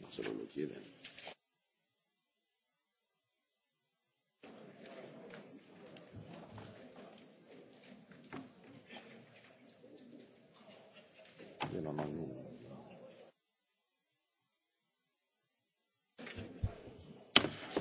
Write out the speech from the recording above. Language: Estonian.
No se lo quieren. Io non ho nulla.